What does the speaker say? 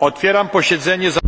Otwieram posiedzenie.